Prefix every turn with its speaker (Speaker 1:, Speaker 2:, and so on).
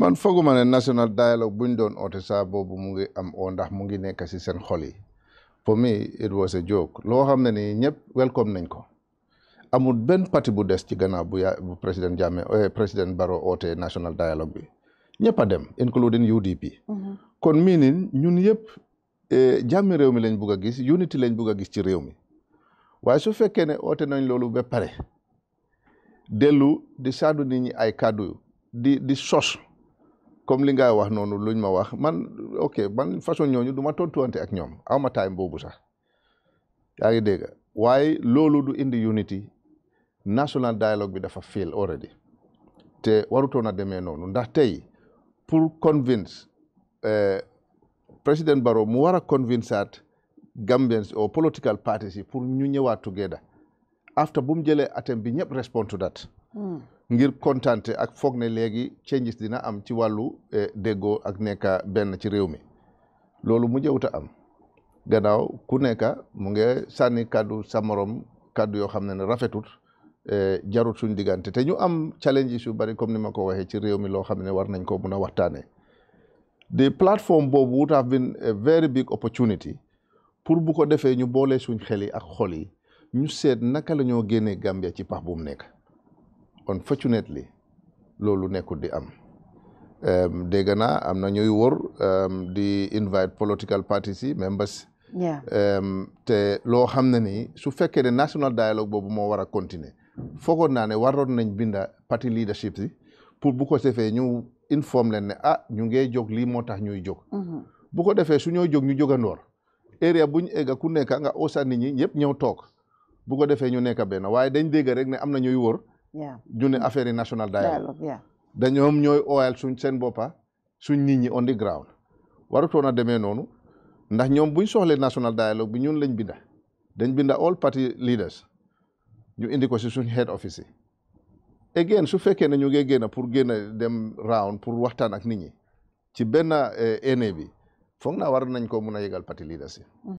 Speaker 1: man fooguma ne national dialogue buñ doon oote saa boobu mu ngi am oo ndax mu ngi nekk si seen xol yi for me it was a joke loo xam ne ni ñëpp welcome nañ ko amul benn parti bu des ci gannaaw bu ya bu président Jammeh eh, président Barrow oote national dialogue bi ñëpp a dem including UDP. Mhm. kon miinin ñun yëpp eh, jàmmi réew mi lañ bugg a gis unity lañ bugg a gis ci réew mi waaye su fekkee ne oote nañ loolu ba pare dellu di saadu nit ay kàddu di di sos. comme li nga wax noonu luñ ma wax man ok man façon ñooñu du ma tontuwante ak ñoom aw ma time boobu sax yaa ngi dégg waaye loolu du indi unity national dialogue bi dafa fail already te warutoon a demee noonu ndax tey pour convince eh, président Barrow mu war a convince at Gambians or political parties yi pour ñu ñëwaat together after bu mu jëlee atem bi ñëpp respond to that hmm. ngir kontante ak foog ne léegi changes dina am ci wàllu eh, déggoo ak nekka benn ci réew mi loolu mu jëwta am ganaaw ku nekka mu nge sànni kàddu sa morom kàddu yoo xam ne ne rafetut eh, jarut suñ diggante te ñu am challenges yu bari comme ni ma ko waxee ci réew mi loo xam ne war nañ ko mun a waxtaanee the platform boobu would have been a very big opportunity pour bu ko defee ñu boole suñ xel yi ak xol yi ñu seet naka la ñoo génnee Gambia ci pax bu mu nekk. unfortunately loolu nekkul di am dégg naa am na ñuy wër di invite political parties yi members te loo xam ne ni su fekkee ne national dialogue boobu moo war a continuer foogoon naa ne waroon nañ binda party leadership yi pour bu ko defee ñu inform leen ne ah ñu ngee jóg lii moo tax ñuy jóg mm-hmm. bu ko defee su ñoo jóg ñu jógandoor area bu ñu egga ku nekk nga osa nit ñi ñëpp ñëw toog bu ko defee ñu nekk benn waaye dañ dégg rek ne am na ñuy wër ñu ne affaire yi national dialogue dañoom ñooy ooyal suñ seen boppa suñ nit ñi on the ground warutoon a demee noonu ndax ñoom buñ soxlee national dialogue bi ñun lañ binda dañ binda all party leaders ñu indi ko si suñ head office yi su fekkee ne ñu ngi génn pour génn dem round pour waxtaan ak nit ñi ci benn ene eh, bi foog naa war nañ ko mun a yëgal parti leaders yi mm-hmm.